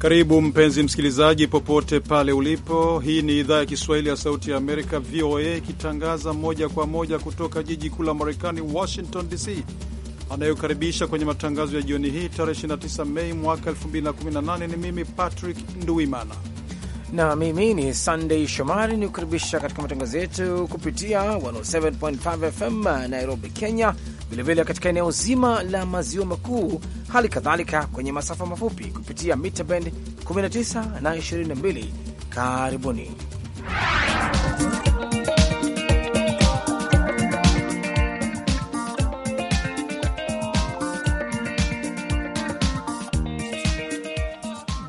Karibu mpenzi msikilizaji, popote pale ulipo. Hii ni idhaa ya Kiswahili ya Sauti ya Amerika, VOA, ikitangaza moja kwa moja kutoka jiji kuu la Marekani, Washington DC, anayokaribisha kwenye matangazo ya jioni hii tarehe 29 Mei mwaka 2018. Ni mimi Patrick Nduimana na mimi ni Sunday Shomari ni kukaribisha katika matangazo yetu kupitia 107.5 FM Nairobi, Kenya vilevile katika eneo zima la maziwa makuu, hali kadhalika kwenye masafa mafupi kupitia mita bend 19 na 22. Karibuni.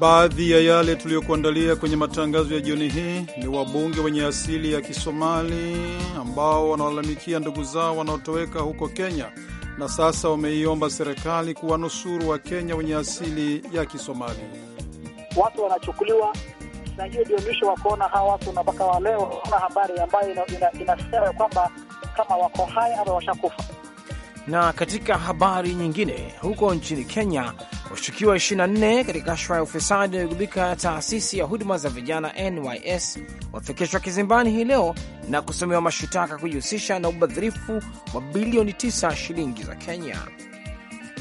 Baadhi ya yale tuliyokuandalia kwenye matangazo ya jioni hii ni wabunge wenye asili ya Kisomali ambao wanalalamikia ndugu zao wanaotoweka huko Kenya, na sasa wameiomba serikali kuwanusuru Wakenya wenye asili ya Kisomali. Watu wanachukuliwa na hiyo ndio mwisho wa kuona hawa watu, na mpaka wa leo hakuna habari ambayo inasema ina, ina kwamba kama wako hai ama washakufa. Na katika habari nyingine, huko nchini Kenya, washukiwa 24 katika kashfa ya ufisadi inayogubika taasisi ya huduma za vijana NYS wafikishwa kizimbani hii leo na kusomewa mashitaka kujihusisha na ubadhirifu wa bilioni 9 shilingi za Kenya.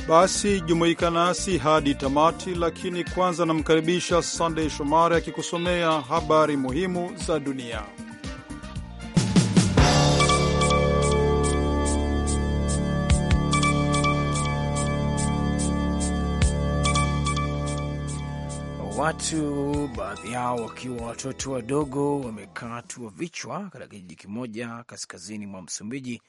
Basi jumuika nasi hadi tamati, lakini kwanza namkaribisha Sandey Shomari akikusomea habari muhimu za dunia. Watu baadhi yao wakiwa watoto wadogo wamekatwa vichwa katika kijiji kimoja kaskazini mwa Msumbiji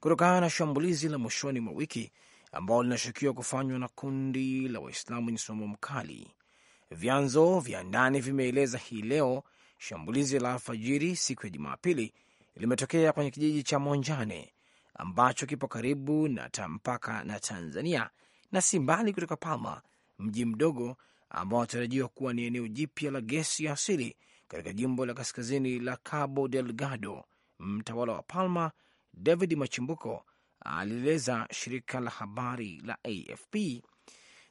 kutokana na shambulizi la mwishoni mwa wiki ambao linashukiwa kufanywa na kundi la Waislamu wenye msimamo mkali. Vyanzo vya ndani vimeeleza hii leo shambulizi la alfajiri siku ya Jumapili limetokea kwenye kijiji cha Monjane ambacho kipo karibu na mpaka na Tanzania na si mbali kutoka Palma, mji mdogo ambao wanatarajiwa kuwa ni eneo jipya la gesi ya asili katika jimbo la kaskazini la Cabo Delgado. Mtawala wa Palma David Machimbuko alieleza shirika la habari la AFP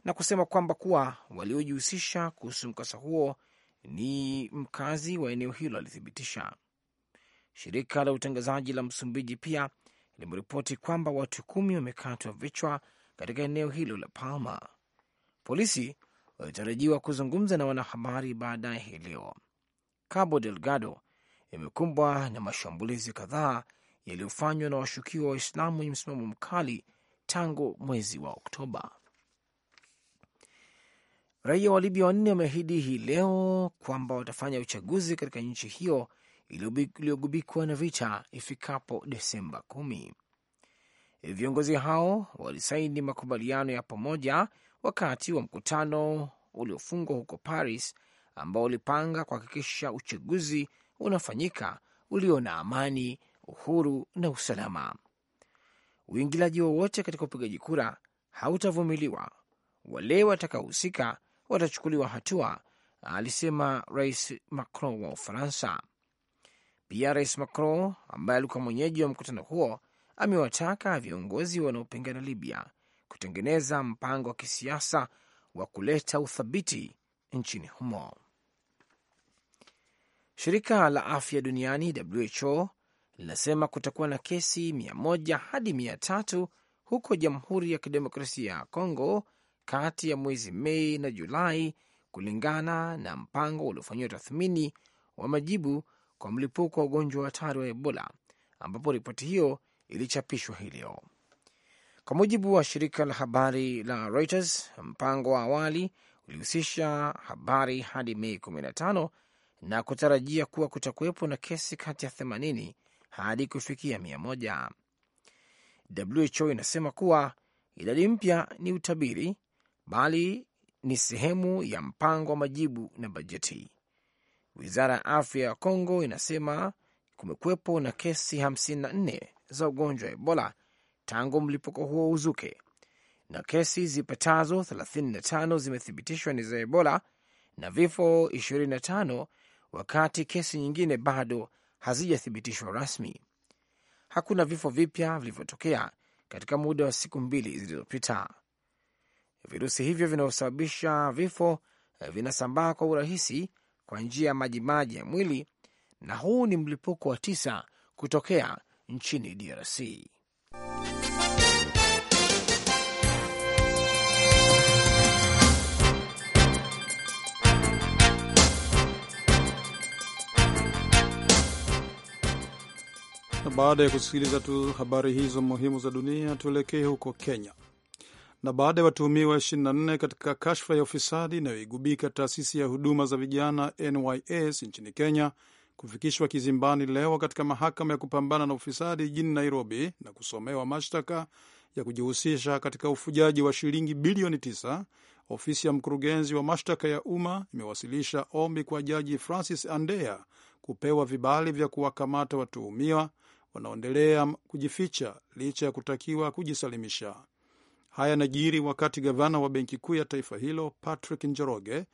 na kusema kwamba kuwa waliojihusisha kuhusu mkasa huo ni mkazi wa eneo hilo, alithibitisha. Shirika la utangazaji la Msumbiji pia limeripoti kwamba watu kumi wamekatwa vichwa katika eneo hilo la Palma. Polisi walitarajiwa kuzungumza na wanahabari baadaye hii leo. Cabo Delgado imekumbwa na mashambulizi kadhaa yaliyofanywa na washukiwa Waislamu wenye msimamo mkali tangu mwezi wa Oktoba. Raia wa Libya wanne wameahidi hii leo kwamba watafanya uchaguzi katika nchi hiyo iliyogubikwa na vita ifikapo Desemba kumi. Viongozi hao walisaini makubaliano ya pamoja wakati wa mkutano uliofungwa huko Paris ambao ulipanga kuhakikisha uchaguzi unafanyika ulio na amani, uhuru na usalama. Uingiliaji wowote katika upigaji kura hautavumiliwa. Wale watakaohusika watachukuliwa hatua, alisema Rais Macron wa Ufaransa. Pia Rais Macron ambaye alikuwa mwenyeji wa mkutano huo amewataka viongozi wanaopingana Libya kutengeneza mpango wa kisiasa wa kuleta uthabiti nchini humo. Shirika la afya duniani WHO linasema kutakuwa na kesi mia hadi mia huko Jamhuri ya Kidemokrasia ya Kongo kati ya mwezi Mei na Julai, kulingana na mpango uliofanyiwa tathmini wa majibu kwa mlipuko wa ugonjwa wa hatari wa Ebola, ambapo ripoti hiyo ilichapishwa hii leo. Kwa mujibu wa shirika la habari la Reuters, mpango wa awali ulihusisha habari hadi Mei 15 na kutarajia kuwa kutakuwepo na kesi kati ya 80 hadi kufikia 100. WHO inasema kuwa idadi mpya ni utabiri, bali ni sehemu ya mpango wa majibu na bajeti. Wizara ya afya ya Kongo inasema kumekuwepo na kesi 54 za ugonjwa wa Ebola tangu mlipuko huo uzuke, na kesi zipatazo 35 zimethibitishwa ni za Ebola na vifo 25 wakati kesi nyingine bado hazijathibitishwa rasmi. Hakuna vifo vipya vilivyotokea katika muda wa siku mbili zilizopita. Virusi hivyo vinavyosababisha vifo eh, vinasambaa kwa urahisi kwa njia ya majimaji ya mwili, na huu ni mlipuko wa tisa kutokea nchini DRC. Na baada ya kusikiliza tu habari hizo muhimu za dunia, tuelekee huko Kenya. Na baada ya watuhumiwa 24 katika kashfa ya ufisadi inayoigubika taasisi ya huduma za vijana NYS nchini Kenya kufikishwa kizimbani leo katika mahakama ya kupambana na ufisadi jijini Nairobi na kusomewa mashtaka ya kujihusisha katika ufujaji wa shilingi bilioni 9, ofisi ya mkurugenzi wa mashtaka ya umma imewasilisha ombi kwa Jaji Francis Andea kupewa vibali vya kuwakamata watuhumiwa wanaoendelea kujificha licha ya kutakiwa kujisalimisha. Haya yanajiri wakati gavana wa benki kuu ya taifa hilo Patrick Njoroge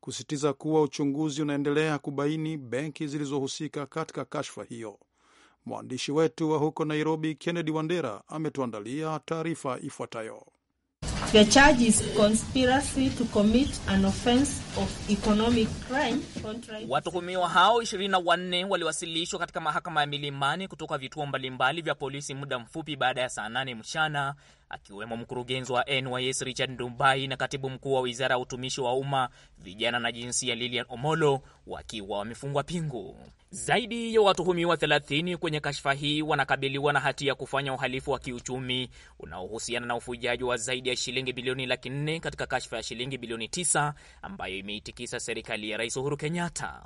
kusitiza kuwa uchunguzi unaendelea kubaini benki zilizohusika katika kashfa hiyo. Mwandishi wetu wa huko Nairobi, Kennedy Wandera, ametuandalia taarifa ifuatayo. The charge is conspiracy to commit an offense of economic crime. Watuhumiwa hao 24 waliwasilishwa katika mahakama ya Milimani kutoka vituo mbalimbali vya polisi muda mfupi baada ya saa 8 mchana, akiwemo mkurugenzi wa NYS Richard Ndumbai na katibu mkuu wa wizara ya utumishi wa umma, vijana na jinsia Lilian Omolo wakiwa wamefungwa pingu. Zaidi ya watuhumiwa 30 kwenye kashfa hii wanakabiliwa na hatia ya kufanya uhalifu wa kiuchumi unaohusiana na ufujaji wa zaidi ya shilingi bilioni laki nne katika kashfa ya shilingi bilioni tisa ambayo imeitikisa serikali ya Rais Uhuru Kenyatta.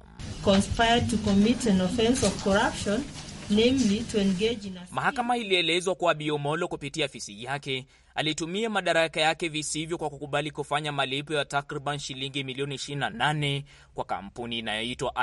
Mahakama ilielezwa kuwa biomolo kupitia afisi yake alitumia madaraka yake visivyo kwa kukubali kufanya malipo ya takriban shilingi milioni 28 kwa kampuni inayoitwa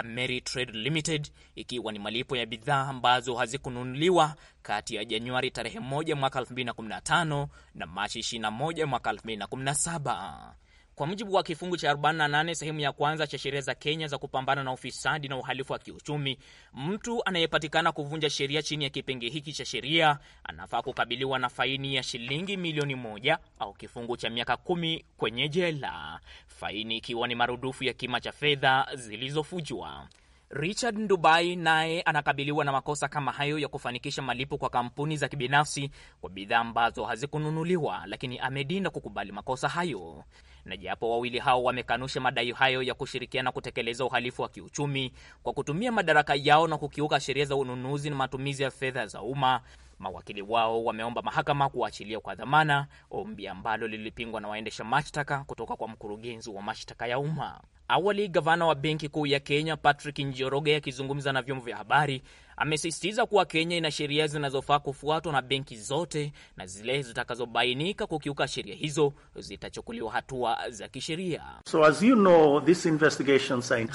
Trade Limited, ikiwa ni malipo ya bidhaa ambazo hazikununuliwa kati ya Januari tarehe 1 mwaka 2015 na Machi 21 mwaka 2017. Kwa mujibu wa kifungu cha 48 sehemu ya kwanza cha sheria za Kenya za kupambana na ufisadi na uhalifu wa kiuchumi, mtu anayepatikana kuvunja sheria chini ya kipenge hiki cha sheria anafaa kukabiliwa na faini ya shilingi milioni moja au kifungu cha miaka kumi kwenye jela, faini ikiwa ni marudufu ya kima cha fedha zilizofujwa. Richard Ndubai naye anakabiliwa na makosa kama hayo ya kufanikisha malipo kwa kampuni za kibinafsi kwa bidhaa ambazo hazikununuliwa, lakini amedinda kukubali makosa hayo na japo wawili hao wamekanusha madai hayo ya kushirikiana kutekeleza uhalifu wa kiuchumi kwa kutumia madaraka yao na kukiuka sheria za ununuzi na matumizi ya fedha za umma, mawakili wao wameomba mahakama kuwaachilia kwa dhamana, ombi ambalo lilipingwa na waendesha mashtaka kutoka kwa mkurugenzi wa mashtaka ya umma. Awali gavana wa benki kuu ya Kenya Patrick Njoroge akizungumza na vyombo vya habari amesisitiza kuwa Kenya ina sheria zinazofaa kufuatwa na benki zote, na zile zitakazobainika kukiuka sheria hizo zitachukuliwa hatua za kisheria. So as you know, this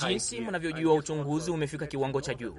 jinsi mnavyojua uchunguzi umefika kiwango cha juu.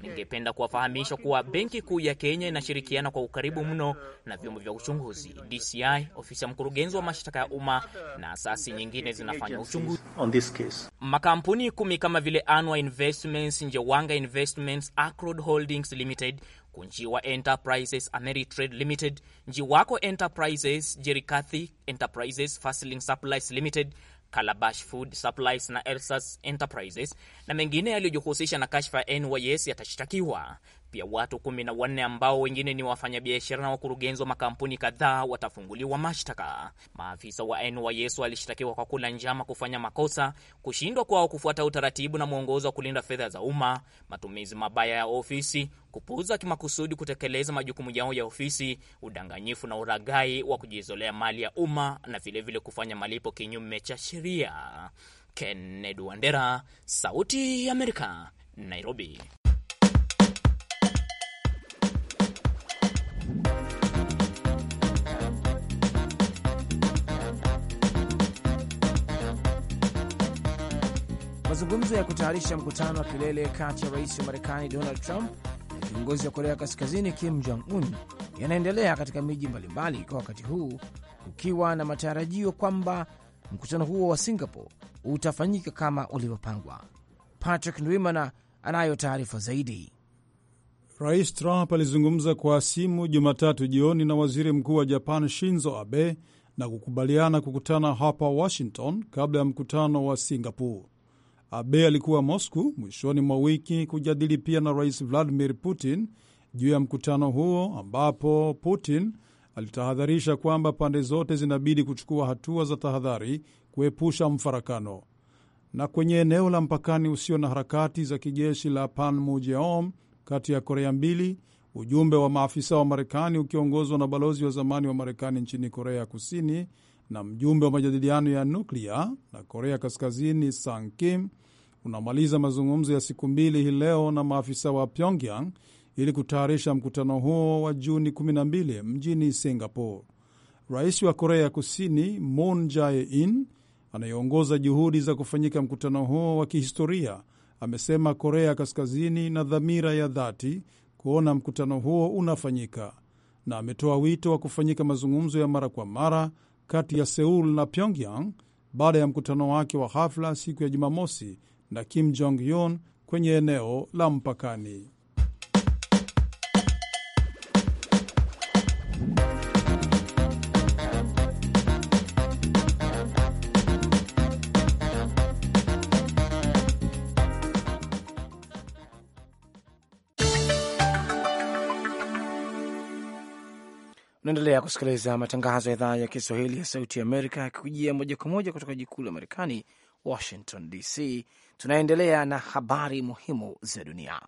Ningependa kuwafahamisha kuwa benki kuu ya Kenya inashirikiana kwa ukaribu mno na vyombo vya uchunguzi DCI, ofisi ya mkurugenzi wa mashtaka ya umma na asasi nyingine zinafanya uchunguzi on this case place. Makampuni kumi kama vile Anwa Investments, Njewanga Investments, Acrod Holdings Limited, Kunjiwa Enterprises, Ameritrade Limited, Njiwako Enterprises, Jerikathi Enterprises, Fasling Supplies Limited, Kalabash Food Supplies na Elsas Enterprises na mengine yaliyojihusisha na kashfa ya NYS yatashtakiwa. Pia watu kumi na wanne ambao wengine ni wafanyabiashara na wakurugenzi wa makampuni kadhaa watafunguliwa mashtaka. Maafisa wa NYS walishtakiwa kwa kula njama, kufanya makosa, kushindwa kwao kufuata utaratibu na mwongozo wa kulinda fedha za umma, matumizi mabaya ya ofisi, kupuuza kimakusudi kutekeleza majukumu yao ya ofisi, udanganyifu na uragai wa kujizolea mali ya umma na vilevile vile kufanya malipo kinyume cha sheria. Kennedy Wandera, Sauti ya Amerika, Nairobi. Mazungumzo ya kutayarisha mkutano wa kilele kati ya rais wa Marekani Donald Trump na kiongozi wa Korea Kaskazini Kim Jong Un yanaendelea katika miji mbalimbali kwa wakati huu, kukiwa na matarajio kwamba mkutano huo wa Singapore utafanyika kama ulivyopangwa. Patrick Ndwimana anayo taarifa zaidi. Rais Trump alizungumza kwa simu Jumatatu jioni na waziri mkuu wa Japan Shinzo Abe na kukubaliana kukutana hapa Washington kabla ya mkutano wa Singapore. Abe alikuwa Moscow mwishoni mwa wiki kujadili pia na Rais Vladimir Putin juu ya mkutano huo, ambapo Putin alitahadharisha kwamba pande zote zinabidi kuchukua hatua za tahadhari kuepusha mfarakano. Na kwenye eneo la mpakani usio na harakati za kijeshi la Panmunjom kati ya Korea mbili, ujumbe wa maafisa wa Marekani ukiongozwa na balozi wa zamani wa Marekani nchini Korea Kusini na mjumbe wa majadiliano ya nuklia na Korea Kaskazini Sang Kim unamaliza mazungumzo ya siku mbili hii leo na maafisa wa Pyongyang ili kutayarisha mkutano huo wa Juni 12 mjini Singapore. Rais wa Korea Kusini Moon Jae-in anayeongoza juhudi za kufanyika mkutano huo wa kihistoria amesema Korea Kaskazini na dhamira ya dhati kuona mkutano huo unafanyika, na ametoa wito wa kufanyika mazungumzo ya mara kwa mara kati ya Seul na Pyongyang baada ya mkutano wake wa hafla siku ya Jumamosi na Kim Jong Un kwenye eneo la mpakani. Unaendelea kusikiliza matangazo ya idhaa ya Kiswahili ya Sauti Amerika yakikujia moja kwa moja kutoka jiji kuu la Marekani, Washington DC. Tunaendelea na habari muhimu za dunia.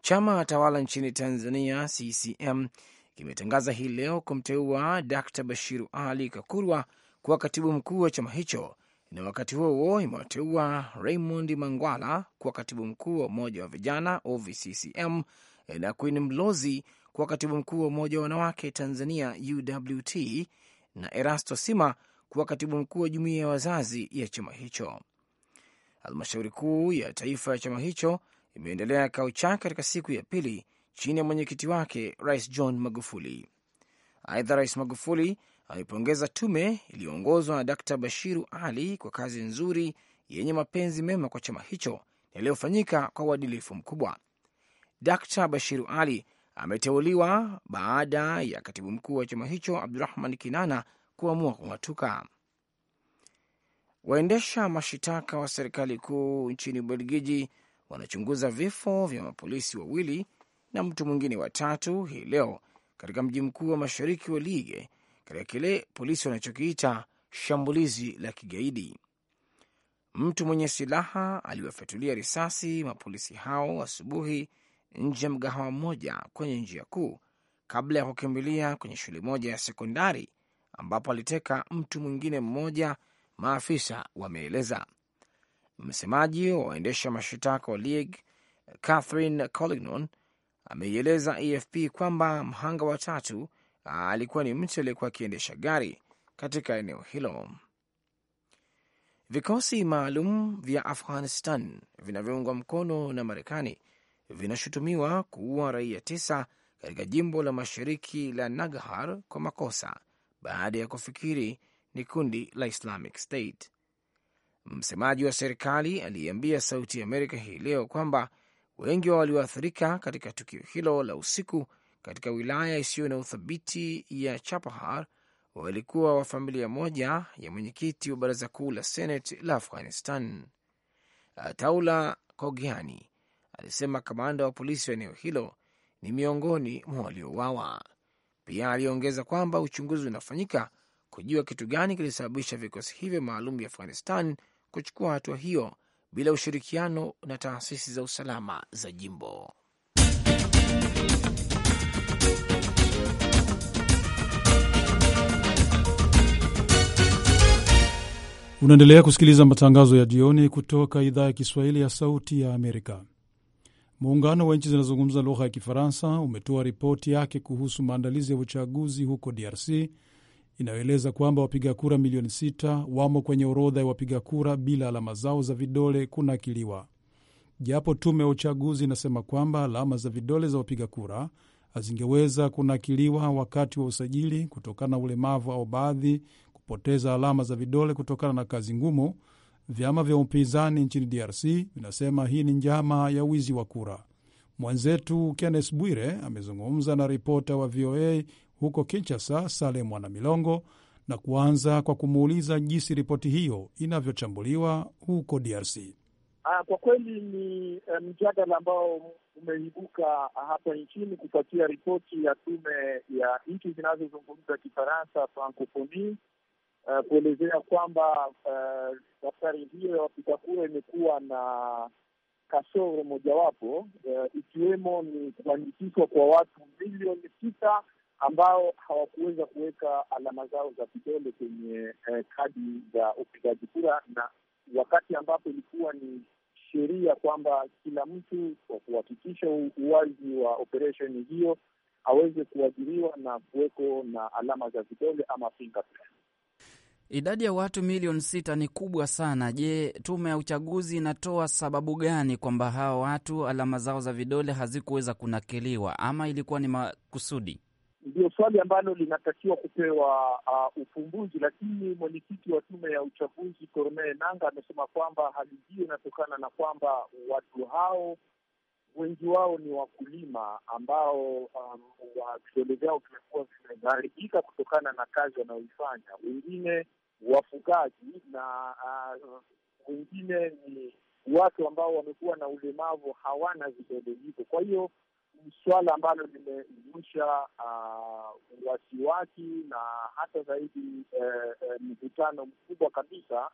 Chama tawala nchini Tanzania, CCM, kimetangaza hii leo kumteua d Bashiru Ali Kakurwa kuwa katibu mkuu wa chama hicho, na wakati huo huo imewateua Raymond Mangwala kuwa katibu mkuu wa umoja wa vijana OVCCM na Queen Mlozi kwa katibu mkuu wa umoja wa wanawake Tanzania UWT na Erasto Sima kuwa katibu mkuu wa jumuiya ya wazazi ya chama hicho. Halmashauri kuu ya taifa ya chama hicho imeendelea kikao chake katika siku ya pili chini ya mwenyekiti wake Rais John Magufuli. Aidha, Rais Magufuli ameipongeza tume iliyoongozwa na Dkt Bashiru Ali kwa kazi nzuri yenye mapenzi mema kwa chama hicho yaliyofanyika kwa uadilifu mkubwa. Dkt Bashiru Ali ameteuliwa baada ya katibu mkuu wa chama hicho Abdurahman Kinana kuamua kung'atuka. Waendesha mashitaka wa serikali kuu nchini Ubelgiji wanachunguza vifo vya mapolisi wawili na mtu mwingine watatu hii leo katika mji mkuu wa mashariki wa lige katika kile polisi wanachokiita shambulizi la kigaidi. Mtu mwenye silaha aliwafyatulia risasi mapolisi hao asubuhi nje ya mgahawa mmoja kwenye njia kuu kabla ya kukimbilia kwenye shule moja ya sekondari ambapo aliteka mtu mwingine mmoja, maafisa wameeleza. Msemaji wa waendesha mashitaka wa League Catherine Collignon ameieleza AFP kwamba mhanga wa tatu alikuwa ni mtu aliyekuwa akiendesha gari katika eneo hilo. Vikosi maalum vya Afghanistan vinavyoungwa mkono na Marekani vinashutumiwa kuua raia tisa katika jimbo la mashariki la Naghar kwa makosa baada ya kufikiri ni kundi la Islamic State. Msemaji wa serikali aliyeambia Sauti ya Amerika hii leo kwamba wengi wa walioathirika katika tukio hilo la usiku katika wilaya isiyo na uthabiti ya Chapahar walikuwa wa familia moja ya mwenyekiti wa baraza kuu la Senate la Afghanistan, Ataula Kogiani, alisema kamanda wa polisi wa eneo hilo ni miongoni mwa waliouawa. Pia aliongeza kwamba uchunguzi unafanyika kujua kitu gani kilisababisha vikosi hivyo maalum vya Afghanistan kuchukua hatua hiyo bila ushirikiano na taasisi za usalama za jimbo. Unaendelea kusikiliza matangazo ya jioni kutoka idhaa ya Kiswahili ya Sauti ya Amerika. Muungano wa nchi zinazozungumza lugha ya Kifaransa umetoa ripoti yake kuhusu maandalizi ya uchaguzi huko DRC inayoeleza kwamba wapiga kura milioni sita wamo kwenye orodha ya wapiga kura bila alama zao za vidole kunakiliwa, japo tume ya uchaguzi inasema kwamba alama za vidole za wapiga kura hazingeweza kunakiliwa wakati wa usajili kutokana na ulemavu au baadhi kupoteza alama za vidole kutokana na kazi ngumu Vyama vya upinzani nchini DRC vinasema hii ni njama ya wizi wa kura. Mwenzetu Kennes Bwire amezungumza na ripota wa VOA huko Kinshasa, Sale Mwana Milongo, na kuanza kwa kumuuliza jinsi ripoti hiyo inavyochambuliwa huko DRC. Aa, ah, kwa kweli ni eh, mjadala um, ambao umeibuka hapa nchini kufuatia ripoti ya tume ya nchi zinazozungumza Kifaransa, Francophonie, uh, kuelezea kwamba uh, daftari hiyo ya wapiga kura imekuwa na kasoro mojawapo uh, ikiwemo ni kuandikishwa kwa watu milioni sita ambao hawakuweza kuweka alama zao za vidole kwenye eh, kadi za upigaji kura, na wakati ambapo ilikuwa ni sheria kwamba kila mtu kwa kuhakikisha uwazi wa operesheni hiyo aweze kuajiriwa na kuweko na alama za vidole ama fingerprint. Idadi ya watu milioni sita ni kubwa sana. Je, tume ya uchaguzi inatoa sababu gani kwamba hawa watu alama zao za vidole hazikuweza kunakiliwa ama ilikuwa ni makusudi? Ndio swali ambalo linatakiwa kupewa uh, ufumbuzi, lakini mwenyekiti wa tume ya uchaguzi Corneille nanga amesema kwamba hali hiyo inatokana na kwamba watu hao wengi wao ni wakulima ambao um, wa vidole vyao vimekuwa vimeharibika kutokana na kazi wanayoifanya. Wengine wafugaji na uh, wengine uh, ni watu ambao wamekuwa na ulemavu, hawana vidole hivyo. Kwa hiyo ni suala ambalo limezusha uh, wasiwasi na hata zaidi uh, eh, eh, mkutano mkubwa kabisa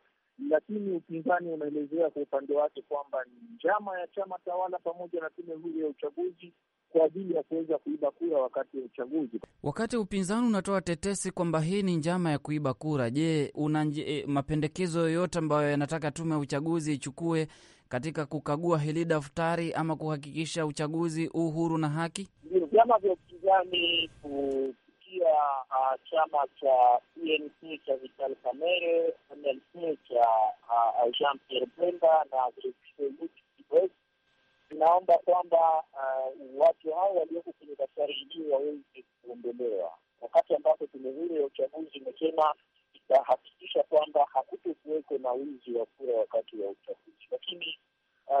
lakini upinzani unaelezea kwa upande wake kwamba ni njama ya chama tawala pamoja na tume huru ya uchaguzi kwa ajili ya kuweza kuiba kura wakati wa uchaguzi. Wakati upinzani unatoa tetesi kwamba hii ni njama ya kuiba kura, je, una eh, mapendekezo yoyote ambayo yanataka tume ya uchaguzi ichukue katika kukagua hili daftari ama kuhakikisha uchaguzi uhuru na haki? Ndio vyama vya upinzani kupitia uh, chama cha UNC cha Vital Kamerhe, MLC cha uh, Jean Pierre Bemba na Tunaomba kwamba uh, watu hao walioko kwenye daftari hili waweze kuondolewa, wakati ambapo tume huru ya uchaguzi imesema itahakikisha kwamba hakuto kuweko na wizi wa kura wakati wa uchaguzi. Lakini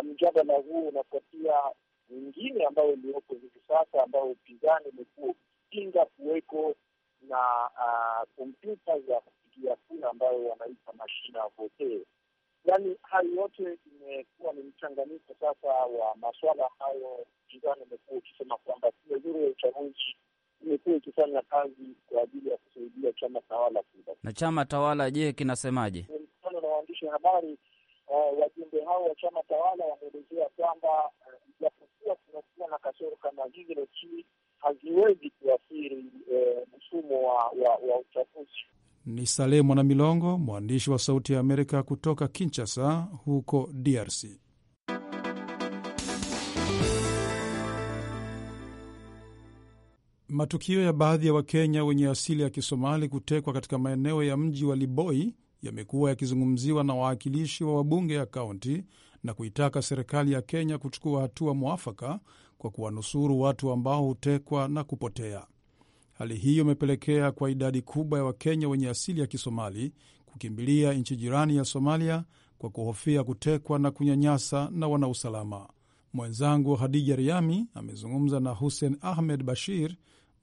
mjadala huo unafuatia mwingine ambayo iliyoko hivi sasa, ambao upinzani umekuwa kupinga kuweko na ah, kompyuta uh, za kupigia kura ambayo wanaita mashina ya vote. Yani hayo yote imekuwa ni mchanganyiko sasa wa maswala hayo. Pinzani imekuwa ikisema kwamba tume huru ya uchaguzi imekuwa ikifanya kazi kwa ajili ya kusaidia chama tawala kuda. Na chama tawala je, kinasemaje? Mkutano na waandishi habari Uh, wajumbe hao wa chama tawala wameelezea kwamba eh, ijapokuwa uh, kunakuwa na kasoro kama hizi, lakini haziwezi Ni Saleh Mwanamilongo, mwandishi wa Sauti ya Amerika kutoka Kinshasa huko DRC. Matukio ya baadhi ya Wakenya wenye asili ya Kisomali kutekwa katika maeneo ya mji wa Liboi yamekuwa yakizungumziwa na wawakilishi wa wabunge ya kaunti na kuitaka serikali ya Kenya kuchukua hatua mwafaka kwa kuwanusuru watu ambao hutekwa na kupotea. Hali hiyo imepelekea kwa idadi kubwa ya Wakenya wenye asili ya Kisomali kukimbilia nchi jirani ya Somalia kwa kuhofia kutekwa na kunyanyasa na wanausalama. Mwenzangu Hadija Riami amezungumza na Hussein Ahmed Bashir,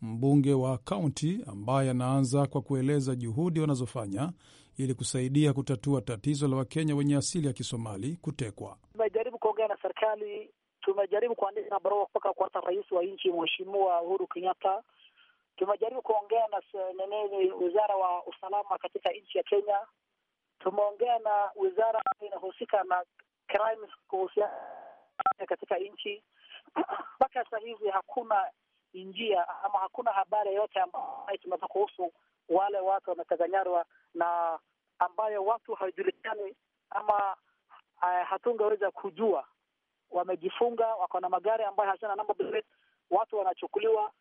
mbunge wa kaunti, ambaye anaanza kwa kueleza juhudi wanazofanya ili kusaidia kutatua tatizo la Wakenya wenye asili ya Kisomali kutekwa. Tumejaribu kuongea na serikali, tumejaribu kuandika barua mpaka kwa hata rais wa nchi Mheshimiwa Uhuru Kenyatta Tumejaribu kuongea na nini, wizara wa usalama katika nchi ya Kenya. Tumeongea na wizara inahusika na crimes kuhusiana katika nchi. Mpaka sasa hivi hakuna njia ama hakuna habari yoyote ambayo tumepata kuhusu wale watu wameteganyarwa na ambayo watu hawajulikani ama uh, hatungeweza kujua. Wamejifunga, wako na magari ambayo hazina namba, watu wanachukuliwa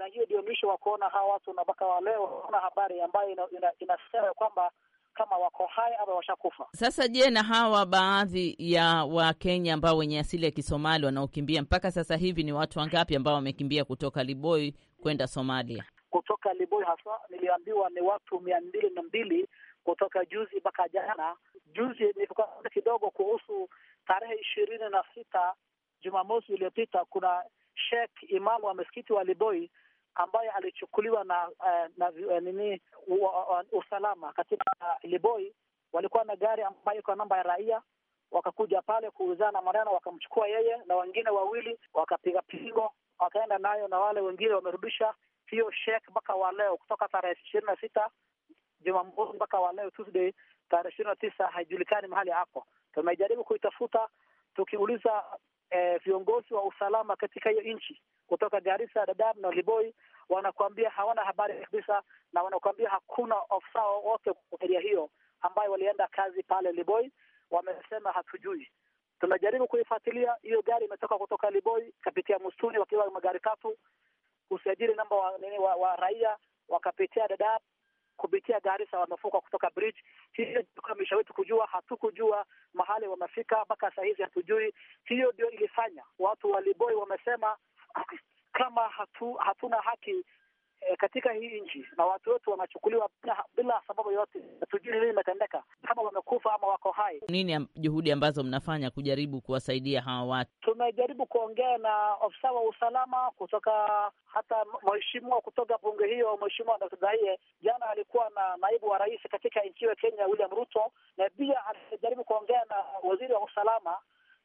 na hiyo ndio mwisho wa kuona hawa watu, na mpaka wa leo habari ambayo inasema ina, ina kwamba kama wako hai ama washakufa. Sasa je, na hawa baadhi ya Wakenya ambao wenye asili ya Kisomali wanaokimbia mpaka sasa hivi ni watu wangapi ambao wamekimbia kutoka Liboi kwenda Somalia? Kutoka Liboi hasa niliambiwa ni watu mia mbili na mbili kutoka juzi mpaka jana. Juzi nilikuwa kidogo kuhusu tarehe ishirini na sita Jumamosi iliyopita, kuna Sheikh imamu wa msikiti wa Liboi ambaye alichukuliwa na eh, na eh, nini usalama katika eh, Liboi. Walikuwa na gari ambayo iko namba ya raia, wakakuja pale kuuzana maneno, wakamchukua yeye na wengine wawili, wakapiga pigo, wakaenda nayo na wale wengine wamerudisha hiyo shek mpaka wa leo, kutoka tarehe ishirini na sita Jumamosi mpaka wa leo Tuesday tarehe ishirini na tisa haijulikani mahali hapo. Tumejaribu kuitafuta tukiuliza eh, viongozi wa usalama katika hiyo nchi kutoka Garissa, Dadaab na Liboi wanakuambia hawana habari kabisa, na wanakuambia hakuna ofisa wowote kwa eria hiyo ambayo walienda kazi pale Liboi. Wamesema hatujui, tunajaribu kuifuatilia hiyo gari. Imetoka kutoka Liboi kapitia mustuni wakiwa magari tatu, usajili namba wa, wa, wa raia, wakapitia Dadaab kupitia Garissa, wamefuka kutoka bridge hiyo kamisha wetu kujua, hatukujua mahali wamefika mpaka saa hizi hatujui. Hiyo ndio ilifanya watu waliboi wamesema kama hatu, hatuna haki e, katika hii nchi na watu wetu wanachukuliwa bila, bila sababu yote. Hatujui nini imetendeka, kama wamekufa ama wako hai. Nini juhudi ambazo mnafanya kujaribu kuwasaidia hawa watu? Tumejaribu kuongea na ofisa wa usalama kutoka hata mheshimiwa kutoka bunge hiyo, mheshimiwa Ndadaie jana alikuwa na naibu wa rais katika nchi hiyo Kenya, William Ruto, na pia alijaribu kuongea na waziri wa usalama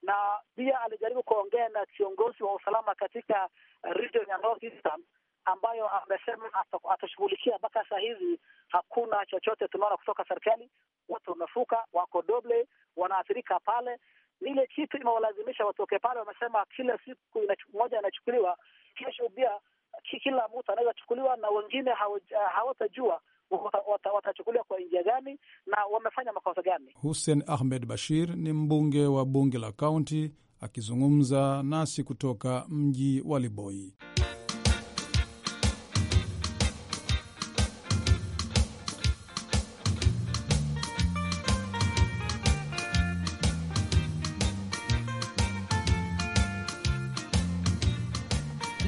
na pia alijaribu kuongea na kiongozi wa usalama katika region ya North Eastern ambayo amesema atashughulikia. Mpaka saa hizi hakuna chochote tunaona kutoka serikali. Watu wamefuka, wako doble, wanaathirika pale. Ile kitu imewalazimisha watoke pale. Wamesema kila siku moja inachukuliwa, kesho pia kila mtu anaweza chukuliwa, na wengine hawatajua watachukuliwa kwa njia gani na wamefanya makosa gani. Hussein Ahmed Bashir ni mbunge wa bunge la kaunti akizungumza nasi kutoka mji wa Liboi.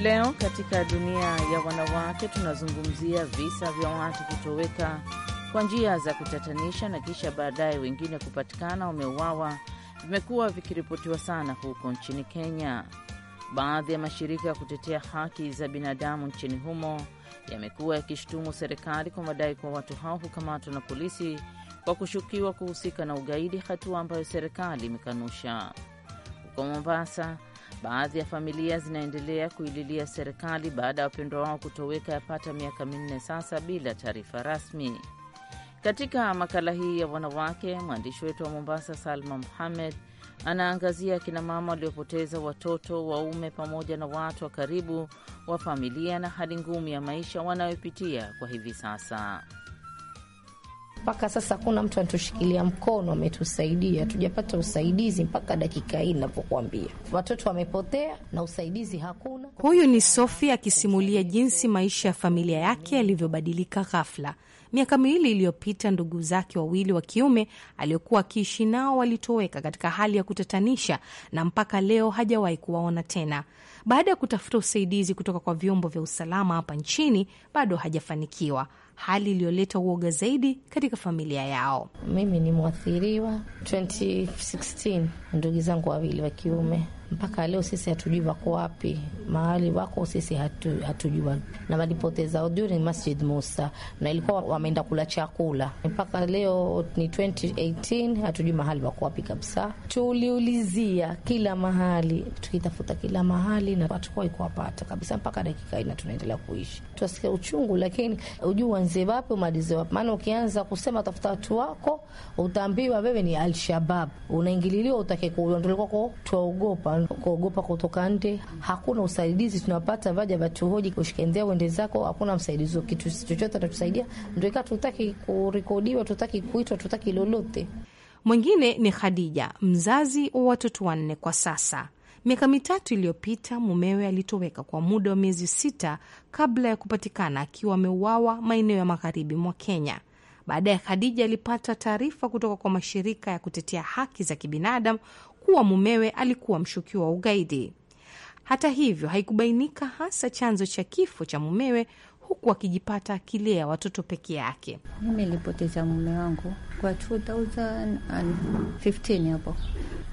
Leo katika dunia ya wanawake tunazungumzia visa vya watu kutoweka kwa njia za kutatanisha na kisha baadaye wengine kupatikana wameuawa, vimekuwa vikiripotiwa sana huko nchini Kenya. Baadhi ya mashirika ya kutetea haki za binadamu nchini humo yamekuwa yakishutumu serikali kwa madai kwa watu hao hukamatwa na polisi kwa kushukiwa kuhusika na ugaidi, hatua ambayo serikali imekanusha. Huko Mombasa, Baadhi ya familia zinaendelea kuililia serikali baada ya wapendwa wao kutoweka yapata miaka minne sasa bila taarifa rasmi. Katika makala hii ya wanawake, mwandishi wetu wa Mombasa Salma Muhamed anaangazia akinamama waliopoteza watoto, waume, pamoja na watu wa karibu wa familia na hali ngumu ya maisha wanayopitia kwa hivi sasa. Mpaka sasa hakuna mtu anatushikilia mkono, ametusaidia. Tujapata usaidizi mpaka dakika hii ninavyokuambia, watoto wamepotea na usaidizi hakuna. Huyu ni Sofi akisimulia jinsi maisha ya familia yake yalivyobadilika ghafla. Miaka miwili iliyopita ndugu zake wawili wa kiume aliokuwa akiishi nao walitoweka katika hali ya kutatanisha, na mpaka leo hajawahi kuwaona tena. Baada ya kutafuta usaidizi kutoka kwa vyombo vya usalama hapa nchini, bado hajafanikiwa hali iliyoleta uoga zaidi katika familia yao. Mimi ni mwathiriwa 2016 ndugu zangu wawili wa kiume mpaka leo sisi hatujui wako wapi, mahali wako sisi hatu, hatujua, na walipoteza during Masjid Musa, na ilikuwa wameenda kula chakula. Mpaka leo ni 2018 hatujui mahali wako wapi kabisa. Tuliulizia kila mahali, tukitafuta kila mahali, na hatukuwahi kuwapata kabisa mpaka dakika ina tunaendelea kuishi. Tuasikia uchungu, lakini ujui uanzie wapi umalize wapi, maana ukianza kusema tafuta watu wako utaambiwa wewe ni Alshabab, unaingililiwa utake maanake tulikuwa twaogopa kuogopa kutoka nje, hakuna usaidizi tunapata vaja vatuhoji kushikendea wende zako, hakuna msaidizi kitu chochote atatusaidia, ndo ikawa tutaki kurekodiwa, tutaki kuitwa, tutaki lolote. Mwingine ni Khadija, mzazi wa watoto wanne kwa sasa. Miaka mitatu iliyopita mumewe alitoweka kwa muda wa miezi sita kabla ya kupatikana akiwa ameuawa maeneo ya magharibi mwa Kenya. Baadaye Khadija alipata taarifa kutoka kwa mashirika ya kutetea haki za kibinadamu kuwa mumewe alikuwa mshukiwa wa ugaidi. Hata hivyo, haikubainika hasa chanzo cha kifo cha mumewe, huku akijipata akilea watoto peke yake. Mimi nilipoteza mume wangu kwa 2015 hapo,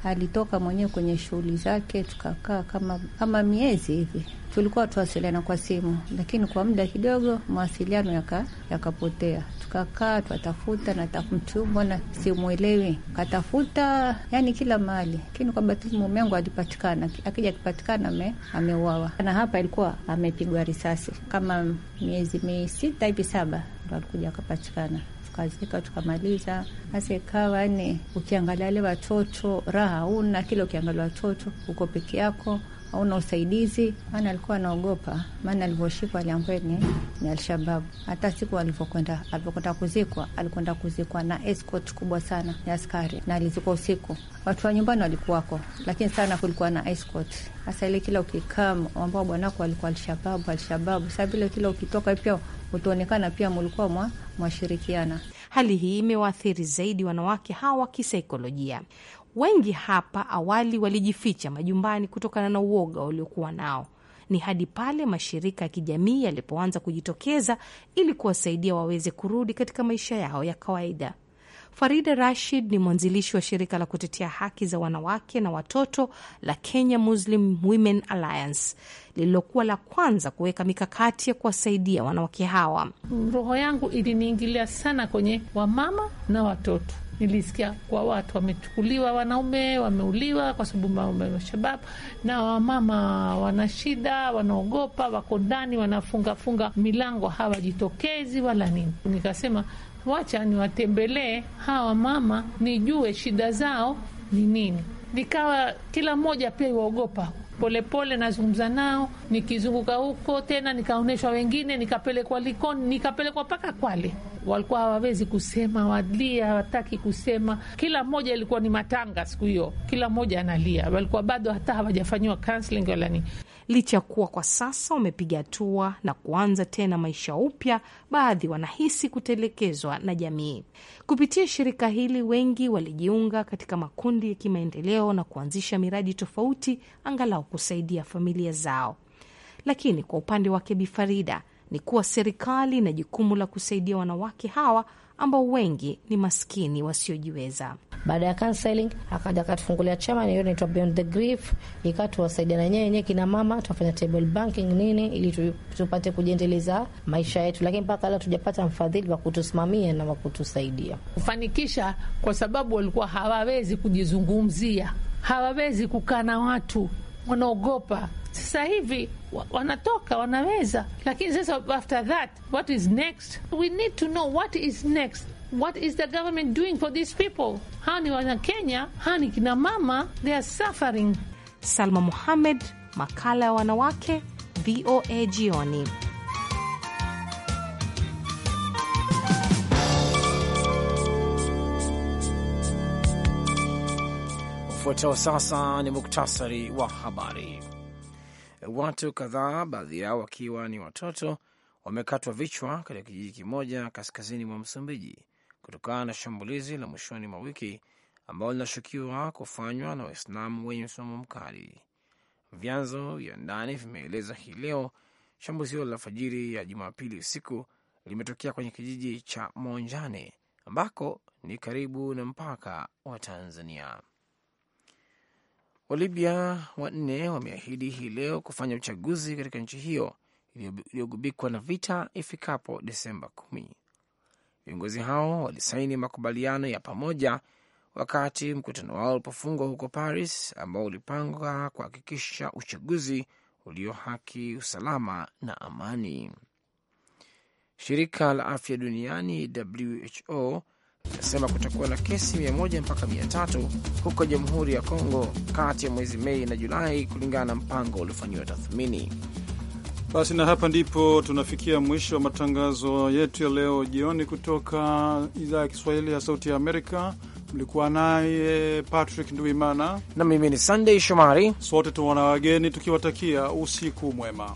alitoka mwenyewe kwenye shughuli zake, tukakaa kama, kama miezi hivi tulikuwa tuwasiliana kwa simu, lakini kwa muda kidogo mawasiliano yaka, yakapotea. Tukakaa twatafuta, mtu mbona simwelewi, katafuta yani kila mahali, lakini kwa bahati mume wangu alipatikana. Akija akipatikana ameuawa, na hapa ilikuwa amepigwa risasi. Kama miezi misita hivi saba ndo alikuja akapatikana kazika tukamaliza. Sasa ikawa ni ukiangalia wale watoto raha una kila ukiangalia watoto uko peke yako hauna usaidizi, maana alikuwa anaogopa, maana alivyoshikwa Langweni ni Alshababu. Hata siku alivyokwenda alivyokwenda kuzikwa, alikwenda kuzikwa na escort kubwa sana ya askari, na alizikwa usiku. Watu wa nyumbani walikuwako, lakini sana kulikuwa na escort. Hasa ile kila ukikaa ambao bwanako alikuwa Alshababu, Alshababu, saa vile kila ukitoka pia utaonekana pia mulikuwa mwa mwashirikiana. Hali hii imewaathiri zaidi wanawake hawa kisaikolojia. Wengi hapa awali walijificha majumbani kutokana na uoga waliokuwa nao. Ni hadi pale mashirika ya kijamii yalipoanza kujitokeza ili kuwasaidia waweze kurudi katika maisha yao ya kawaida. Farida Rashid ni mwanzilishi wa shirika la kutetea haki za wanawake na watoto la Kenya Muslim Women Alliance lililokuwa la kwanza kuweka mikakati ya kuwasaidia wanawake hawa. Roho yangu iliniingilia sana kwenye wamama na watoto nilisikia kwa watu wamechukuliwa, wanaume wameuliwa kwa sababu maume wa Shabab, na wamama wana shida, wanaogopa, wako ndani, wanafungafunga milango, hawajitokezi wala nini. Nikasema wacha niwatembelee hawa mama, nijue shida zao ni nini. Nikawa kila mmoja pia iwaogopa polepole nazungumza nao, nikizunguka huko tena nikaonyeshwa wengine, nikapelekwa Likoni, nikapelekwa mpaka Kwale. Walikuwa hawawezi kusema, walia, hawataki kusema. Kila mmoja ilikuwa ni matanga siku hiyo, kila mmoja analia. Walikuwa bado hata hawajafanyiwa counseling wala nini, licha ya kuwa kwa sasa wamepiga hatua na kuanza tena maisha upya. Baadhi wanahisi kutelekezwa na jamii. Kupitia shirika hili, wengi walijiunga katika makundi ya kimaendeleo na kuanzisha miradi tofauti, angalau kusaidia familia zao. Lakini kwa upande wake bifarida ni kuwa serikali na jukumu la kusaidia wanawake hawa ambao wengi ni maskini wasiojiweza. Baada ya counseling akaja akatufungulia chama hiyo inaitwa Beyond the Grief, ikawa tuwasaidia na nyenye kina mama, tunafanya table banking nini, ili tupate kujiendeleza maisha yetu, lakini mpaka leo tujapata mfadhili wa kutusimamia na wa kutusaidia kufanikisha, kwa sababu walikuwa hawawezi kujizungumzia, hawawezi kukaa na watu wanaogopa. Sasa hivi wanatoka wanaweza, lakini sasa after that what is next? We need to know what is next. What is the government doing for these people? Hawa ni Wanakenya, hawa ni kina mama, they are suffering. Salma muhammed makala ya wanawake, VOA jioni. Ufuatao sasa ni muktasari wa habari. Watu kadhaa, baadhi yao wakiwa ni watoto, wamekatwa vichwa katika kijiji kimoja kaskazini mwa Msumbiji kutokana na shambulizi la mwishoni mwa wiki ambalo linashukiwa kufanywa na Waislamu wenye msimamo mkali. Vyanzo vya ndani vimeeleza hii leo shambulizi hilo la alfajiri ya Jumapili usiku limetokea kwenye kijiji cha Monjane ambako ni karibu na mpaka wa Tanzania. Walibya wanne wameahidi hii leo kufanya uchaguzi katika nchi hiyo iliyogubikwa na vita ifikapo Desemba kumi. Viongozi hao walisaini makubaliano ya pamoja wakati mkutano wao ulipofungwa huko Paris, ambao ulipangwa kuhakikisha uchaguzi ulio haki, usalama na amani. Shirika la afya duniani WHO inasema kutakuwa na kesi 100 mpaka 300 huko Jamhuri ya Kongo kati ya mwezi Mei na Julai kulingana na mpango uliofanyiwa tathmini. Basi na hapa ndipo tunafikia mwisho wa matangazo yetu ya leo jioni kutoka idhaa ya Kiswahili ya Sauti ya Amerika. Mlikuwa naye Patrick Nduimana na mimi ni sandey Shomari, sote tuwana wageni tukiwatakia usiku mwema.